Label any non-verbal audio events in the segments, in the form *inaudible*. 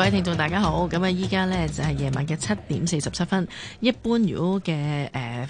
各位聽眾，大家好。咁啊，依家咧就係夜晚嘅七點四十七分。一般如果嘅誒。呃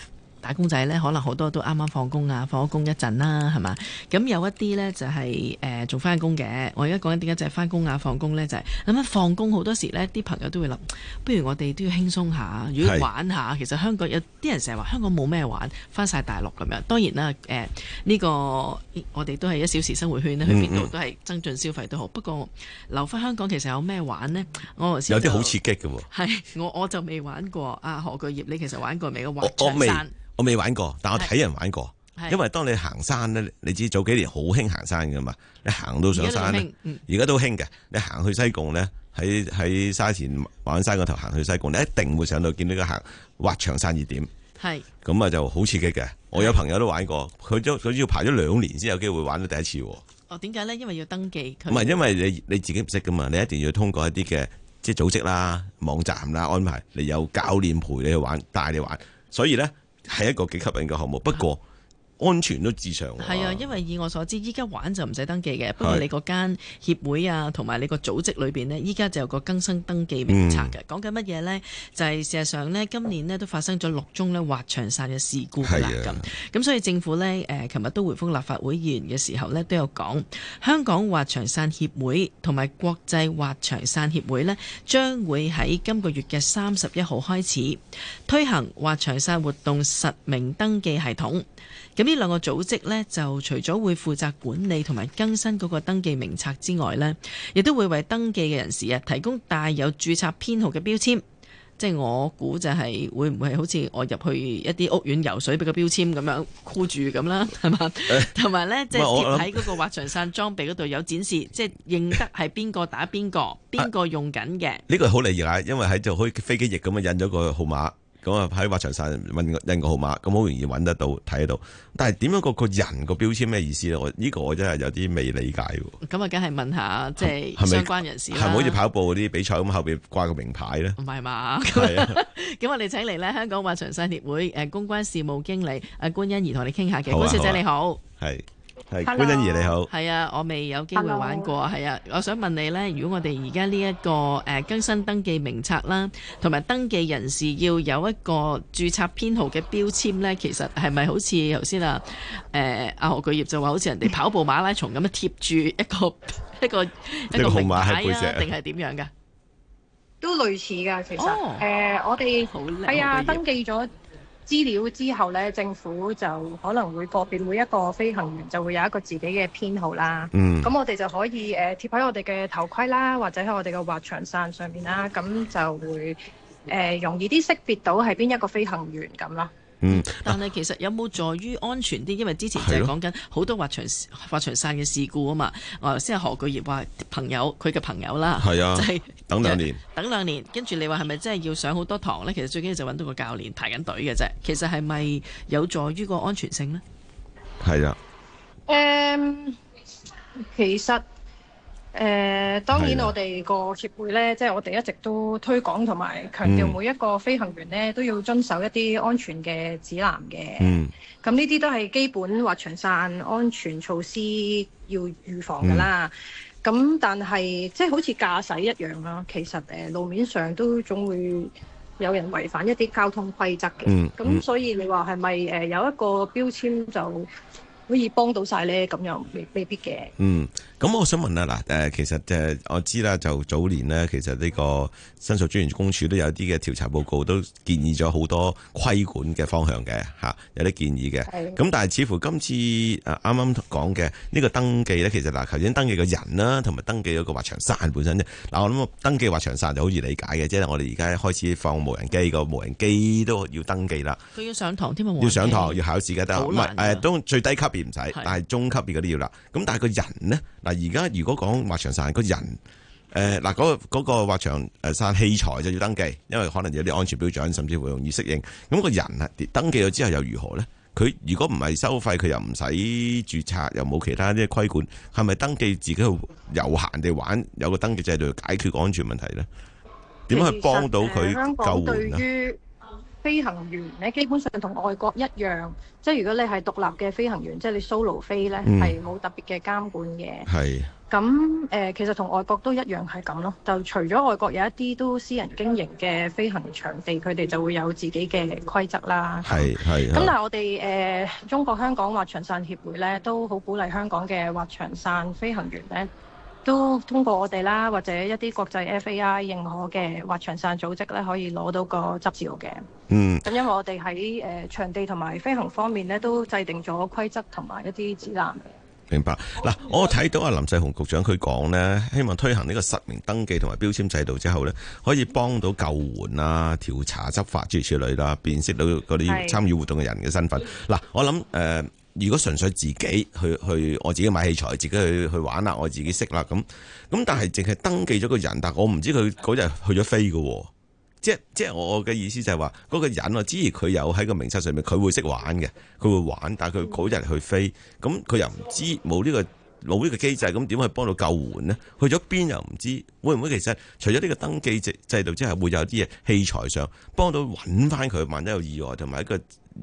打工仔咧，可能好多都啱啱放工啊，放咗工一陣啦，係嘛？咁有一啲咧就係、是、誒，仲翻工嘅。我而家講緊點解就係翻工啊，放工咧就係咁樣。放工好多時咧，啲朋友都會諗，不如我哋都要輕鬆下，如果玩下。其實香港有啲人成日話香港冇咩玩，翻晒大陸咁樣。當然啦，誒、呃、呢、這個我哋都係一小時生活圈呢，去邊度都係增進消費都好嗯嗯。不過留翻香港其實有咩玩呢？我有啲好刺激㗎喎。係我我就未玩過啊！何巨業，你其實玩過未？個玩山。我未玩過，但我睇人玩過。因為當你行山呢，你知早幾年好興行、行山嘅嘛。你行到上山咧，而家、嗯、都興嘅。你行去西貢呢，喺喺沙田玩山個頭行去西貢，你一定會上到見到個行滑翔傘熱點。係咁啊，就好刺激嘅。我有朋友都玩過，佢都佢要排咗兩年先有機會玩到第一次。哦，點解呢？因為要登記。唔係，因為你你自己唔識噶嘛，你一定要通過一啲嘅即係組織啦、網站啦、安排，你有教練陪你去玩、帶你玩。所以呢。係一個幾吸引嘅項目，不過，安全都至上。係啊，因為以我所知，依家玩就唔使登記嘅。不過你嗰間協會啊，同埋你個組織裏邊咧，依家就有個更新登記名冊嘅。講緊乜嘢咧？就係、是、事實上咧，今年咧都發生咗六宗咧滑翔傘嘅事故啦。咁咁、啊，所以政府咧誒琴日都回覆立法會議員嘅時候咧，都有講香港滑翔傘協會同埋國際滑翔傘協會咧，將會喺今個月嘅三十一號開始推行滑翔傘活動實名登記系統。咁呢兩個組織呢，就除咗會負責管理同埋更新嗰個登記名冊之外呢，亦都會為登記嘅人士啊提供帶有注冊編號嘅標籤。即係我估就係會唔會好似我入去一啲屋苑游水俾個標籤咁樣箍住咁啦，係嘛？同埋呢，即係喺嗰個滑翔傘裝備嗰度有展示，即係認得係邊個打邊個，邊個用緊嘅。呢個好厲害，因為喺就可以飛機翼咁樣印咗個號碼。咁啊喺滑翔傘上問印個號碼，咁好容易揾得到睇得到。但係點樣個個人個標籤咩意思咧？呢、這個我真係有啲未理解。咁啊，梗係問下即係相關人士啦。係咪好似跑步嗰啲比賽咁後邊掛個名牌咧？唔係嘛。咁、啊、 *laughs* 我哋請嚟咧，香港滑翔傘協會誒公關事務經理阿官恩沂同你傾下嘅。官小姐你好。係。係，官恩沂你好。係啊，我未有機會玩過。係啊，我想問你呢，如果我哋而家呢一個誒、呃、更新登記名冊啦，同埋登記人士要有一個註冊編號嘅標籤呢，其實係咪好似頭先啊？誒、呃，阿何巨業就話好似人哋跑步馬拉松咁樣貼住一個 *laughs* 一個一個號碼喺背脊定係點樣噶？都類似噶，其實誒、oh, 呃，我哋好叻。係啊，登記咗。資料之後呢，政府就可能會個別每一個飛行員就會有一個自己嘅編號啦。咁、嗯、我哋就可以誒、呃、貼喺我哋嘅頭盔啦，或者喺我哋嘅滑翔傘上面啦，咁就會、呃、容易啲識別到係邊一個飛行員咁咯。嗯，啊、但係其實有冇助於安全啲？因為之前就講緊好多滑翔的滑翔傘嘅事故啊嘛。我頭先阿何巨業話朋友佢嘅朋友啦，係啊，就係、是、等兩年，等兩年，跟住你話係咪真係要上好多堂呢？其實最緊要就揾到個教練排緊隊嘅啫。其實係咪有助於個安全性呢？係啊，um, 其實。誒、呃，當然我哋個協會呢，即係我哋一直都推廣同埋強調每一個飛行員呢、嗯、都要遵守一啲安全嘅指南嘅。咁呢啲都係基本滑翔傘安全措施要預防㗎啦。咁、嗯、但係即係好似駕駛一樣咯，其實誒路面上都總會有人違反一啲交通規則嘅。咁、嗯、所以你話係咪誒有一個標籤就可以幫到晒咧，咁樣未未必嘅。嗯，咁我想問啊，嗱，誒，其實誒，我知啦，就早年呢，其實呢個申訴專員公署都有啲嘅調查報告，都建議咗好多規管嘅方向嘅，嚇，有啲建議嘅。係。咁但係似乎今次誒啱啱講嘅呢個登記呢，其實嗱，頭先登記個人啦，同埋登記嗰個滑翔傘本身啫。嗱，我諗登記滑翔傘就好易理解嘅，即係我哋而家開始放無人機，嗯，那個無人機都要登記啦。佢要上堂添，要上堂，要考試嘅都唔係都最低級。唔使，但係中級別嗰啲要啦。咁但係個人呢？嗱而家如果講滑翔傘，人呃那個人誒嗱嗰個個滑翔誒傘器材就要登記，因為可能有啲安全標準，甚至乎容易適應。咁、那個人啊，登記咗之後又如何呢？佢如果唔係收費，佢又唔使注冊，又冇其他啲規管，係咪登記自己去遊閒地玩，有個登記制度解決安全問題呢？點樣去幫到佢救援呢？飛行員咧基本上同外國一樣，即係如果你係獨立嘅飛行員，即係你 solo 飛呢係冇、嗯、特別嘅監管嘅。係。咁誒、呃，其實同外國都一樣係咁咯，就除咗外國有一啲都私人經營嘅飛行場地，佢哋就會有自己嘅規則啦。係係。咁嗱，我哋誒、呃、中國香港滑翔傘協會呢都好鼓勵香港嘅滑翔傘飛行員呢，都通過我哋啦，或者一啲國際 FAI 認可嘅滑翔傘組織咧，可以攞到個執照嘅。嗯，咁因為我哋喺誒場地同埋飛行方面呢都制定咗規則同埋一啲指南嘅。明白。嗱，我睇到啊林世雄局長佢講呢，希望推行呢個實名登記同埋標籤制度之後呢可以幫到救援啊、調查執法、諸如此類啦，辨識到嗰啲參與活動嘅人嘅身份。嗱，我諗誒。呃如果純粹自己去去，我自己買器材，自己去去玩啦，我自己識啦咁咁，但係淨係登記咗個人，但我唔知佢嗰日去咗飛嘅喎。即係即係我嘅意思就係話，嗰個人我知，而佢有喺個名冊上面，佢會識玩嘅，佢會玩，但係佢嗰日去飛，咁佢又唔知冇呢個冇呢個機制，咁點去幫到救援呢？去咗邊又唔知，會唔會其實除咗呢個登記制度之外，會有啲嘢器材上幫到揾翻佢，萬一有意外同埋一個。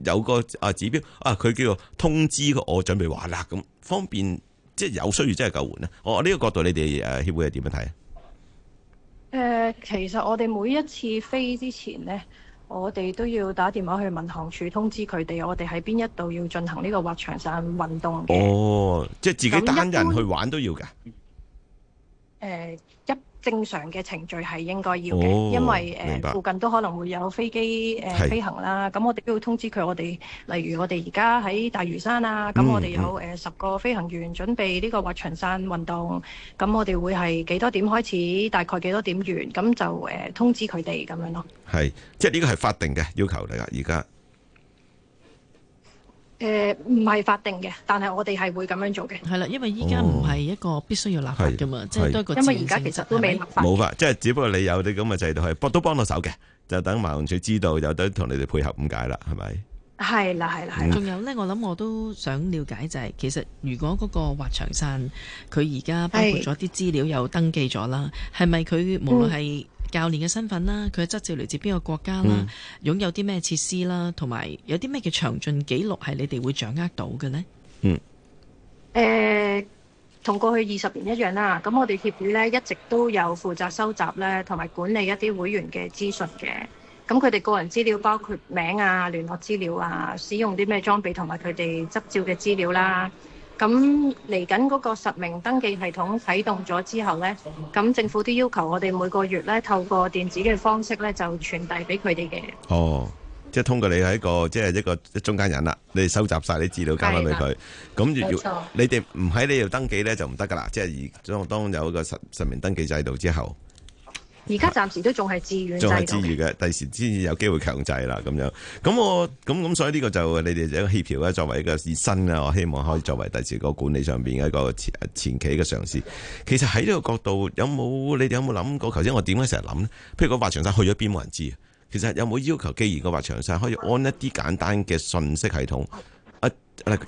有個啊指標，啊，佢叫做通知我準備玩啦，咁方便即係有需要即係救援咧。我、哦、呢、這個角度你哋誒協會係點樣睇？誒、呃，其實我哋每一次飛之前呢，我哋都要打電話去民航處通知佢哋，我哋喺邊一度要進行呢個滑翔傘運動哦，即係自己單人去玩都要噶？誒一。呃一正常嘅程序係應該要嘅、哦，因為誒附近都可能會有飛機誒、呃、飛行啦，咁我哋都要通知佢。我哋例如我哋而家喺大嶼山啊，咁我哋有誒、嗯呃、十個飛行員準備呢個滑翔傘運動，咁我哋會係幾多點開始，大概幾多點完，咁就誒、呃、通知佢哋咁樣咯。係，即係呢個係法定嘅要求嚟噶，而家？誒、呃，唔係法定嘅，但係我哋係會咁樣做嘅。係啦，因為依家唔係一個必須要立法噶嘛，哦、即係都是一個因為而家其實都未立法的。冇法，即係只不過你有啲咁嘅制度，係幫都幫到手嘅，就等埋洪處知道，有得同你哋配合咁解啦，係咪？係啦，係啦，係。仲、嗯、有咧，我諗我都想了解就係、是，其實如果嗰個滑翔傘，佢而家包括咗啲資料又登記咗啦，係咪佢無論係？嗯教練嘅身份啦，佢嘅執照嚟自邊個國家啦、嗯，擁有啲咩設施啦，同埋有啲咩嘅詳盡記錄係你哋會掌握到嘅呢？嗯，誒、呃，同過去二十年一樣啦。咁我哋協會咧一直都有負責收集咧，同埋管理一啲會員嘅資訊嘅。咁佢哋個人資料包括名啊、聯絡資料啊、使用啲咩裝備，同埋佢哋執照嘅資料啦。嗯咁嚟緊嗰個實名登記系統啟動咗之後咧，咁政府都要求我哋每個月咧透過電子嘅方式咧就傳遞俾佢哋嘅。哦，即係通過你喺個即係一個中間人啦，你哋收集晒啲資料交翻俾佢。咁如果你哋唔喺呢度登記咧就唔得㗎喇，即係而當有個實實名登記制度之後。而家暫時都仲係自願，仲係自願嘅，第時先至有機會強制啦咁樣。咁我咁，咁，所以呢個就你哋一個協調咧，作為一個熱身啊，我希望可以作為第時個管理上邊一個前前期嘅嘗試。其實喺呢個角度，有冇你哋有冇諗過？頭先我點解成日諗咧？譬如個滑翔傘去咗邊，冇人知。其實有冇要求？既然個滑翔傘可以安一啲簡單嘅訊息系統。啊！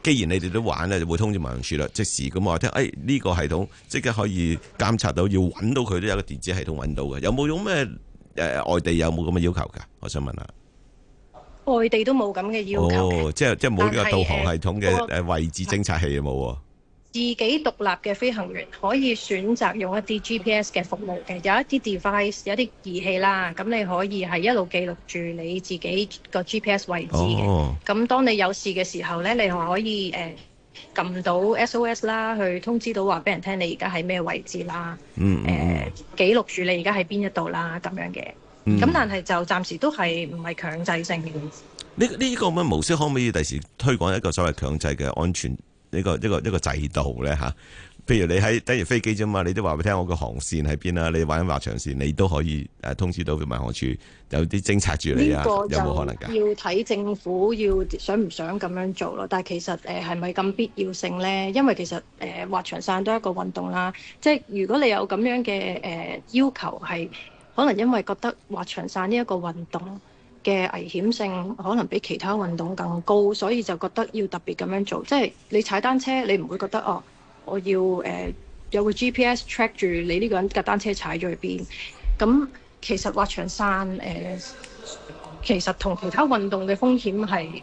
既然你哋都玩咧，就會通知民航處啦。即時咁我話聽，誒、哎、呢、這個系統即刻可以監察到，要揾到佢都有個電子系統揾到嘅。有冇用咩？誒、呃，外地有冇咁嘅要求㗎？我想問下，外地都冇咁嘅要求，哦。即係即係冇呢個導航系統嘅位置偵察器有冇啊？自己獨立嘅飛行員可以選擇用一啲 GPS 嘅服務嘅，有一啲 device，有一啲儀器啦，咁你可以係一路記錄住你自己個 GPS 位置嘅。咁、哦、當你有事嘅時候呢，你係可以誒撳、呃、到 SOS 啦，去通知到話俾人聽你而家喺咩位置啦。嗯誒、嗯呃，記錄住你而家喺邊一度啦，咁樣嘅。咁、嗯、但係就暫時都係唔係強制性嘅模式。呢、嗯、呢、嗯呢個咁嘅、呢個、模式可唔可以第時推廣一個所謂強制嘅安全？呢個一個一個，一個制度咧嚇，譬如你喺，等於飛機啫嘛，你都話俾你聽我個航線喺邊啦。你玩滑翔線，你都可以誒通知到佢民航處有啲偵察住你啊，這個、有冇可能㗎？要睇政府要想唔想咁樣做咯。但係其實誒係咪咁必要性咧？因為其實誒滑翔傘都係一個運動啦。即係如果你有咁樣嘅誒、呃、要求係，係可能因為覺得滑翔傘呢一個運動。嘅危險性可能比其他運動更高，所以就覺得要特別咁樣做。即係你踩單車，你唔會覺得哦，我要、呃、有個 GPS track 住你呢個人架單車踩咗去邊。咁其實滑翔傘、呃、其實同其他運動嘅風險係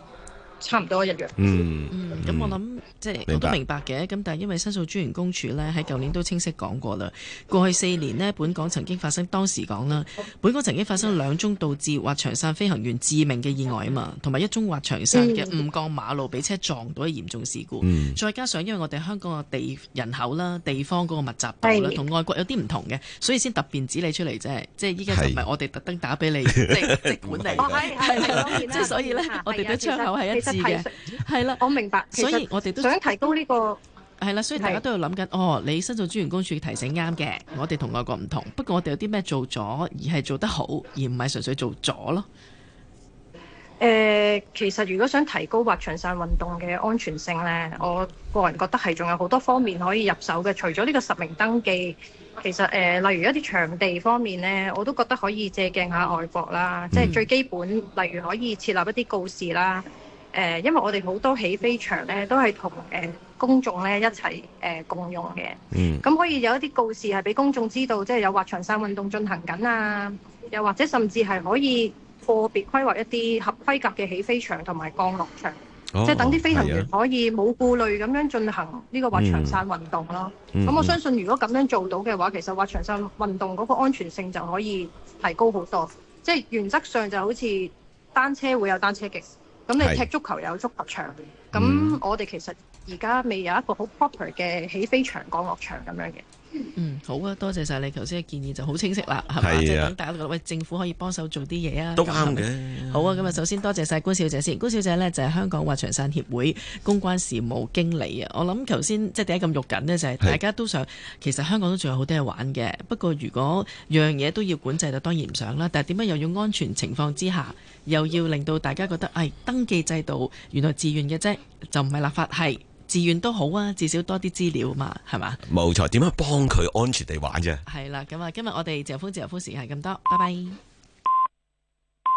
差唔多一樣。嗯，咁、嗯、我諗即係、嗯、我都明白嘅。咁但係因為申訴專員公署呢，喺舊年都清晰講過啦。過去四年呢，本港曾經發生當時講啦，本港曾經發生兩宗導致滑翔傘飛行員致命嘅意外啊嘛，同埋一宗滑翔傘嘅誤降馬路俾車撞到嘅嚴重事故、嗯嗯。再加上因為我哋香港嘅地人口啦、地方嗰個密集度啦，同外國有啲唔同嘅，所以先特別指你出嚟啫。即係依家就唔係我哋特登打俾你即，即管理、啊。即所以呢，嗯嗯、我哋嘅窗口係一。嘅係啦，我明白。所以我，我哋都想提高呢、這個係啦。所以，大家都要諗緊哦。你申訴專員公署提醒啱嘅，我哋同外國唔同。不過，我哋有啲咩做咗，而係做得好，而唔係純粹做咗咯。誒、呃，其實如果想提高滑翔傘運動嘅安全性呢，我個人覺得係仲有好多方面可以入手嘅。除咗呢個實名登記，其實誒、呃，例如一啲場地方面呢，我都覺得可以借鏡下外國啦。嗯、即係最基本，例如可以設立一啲告示啦。誒，因為我哋好多起飛場咧，都係同誒公眾咧一齊誒共用嘅。咁、嗯、可以有一啲告示係俾公眾知道，即係有滑翔傘運動進行緊啊。又或者甚至係可以個別規劃一啲合規格嘅起飛場同埋降落場，即係等啲飛行員可以冇顧慮咁樣進行呢個滑翔傘運動咯。咁、嗯、我相信如果咁樣做到嘅話，其實滑翔傘運動嗰個安全性就可以提高好多。即係原則上就好似單車會有單車徑。咁你踢足球有足球場，咁我哋其實而家未有一個好 proper 嘅起飛場降落場咁樣嘅。嗯，好啊，多謝晒你頭先嘅建議，就好清晰啦，係咪？即等、啊就是、大家覺得政府可以幫手做啲嘢啊，都啱嘅。好啊，咁啊，首先多謝晒官小姐先，官小姐呢，就係、是、香港滑翔傘協會公關事務經理啊。我諗頭先即係第一咁喐緊呢，就係、是、大家都想，其實香港都仲有好多嘢玩嘅。不過如果樣嘢都要管制，就當然唔想啦。但係點解又要安全情況之下，又要令到大家覺得，哎，登記制度原來自願嘅啫，就唔係立法係。自願都好啊，至少多啲資料嘛，係嘛？冇錯，點樣幫佢安全地玩啫？係啦，咁 *noise* 啊樂，今日我哋自由風自由風時間係咁多， *music* 拜拜。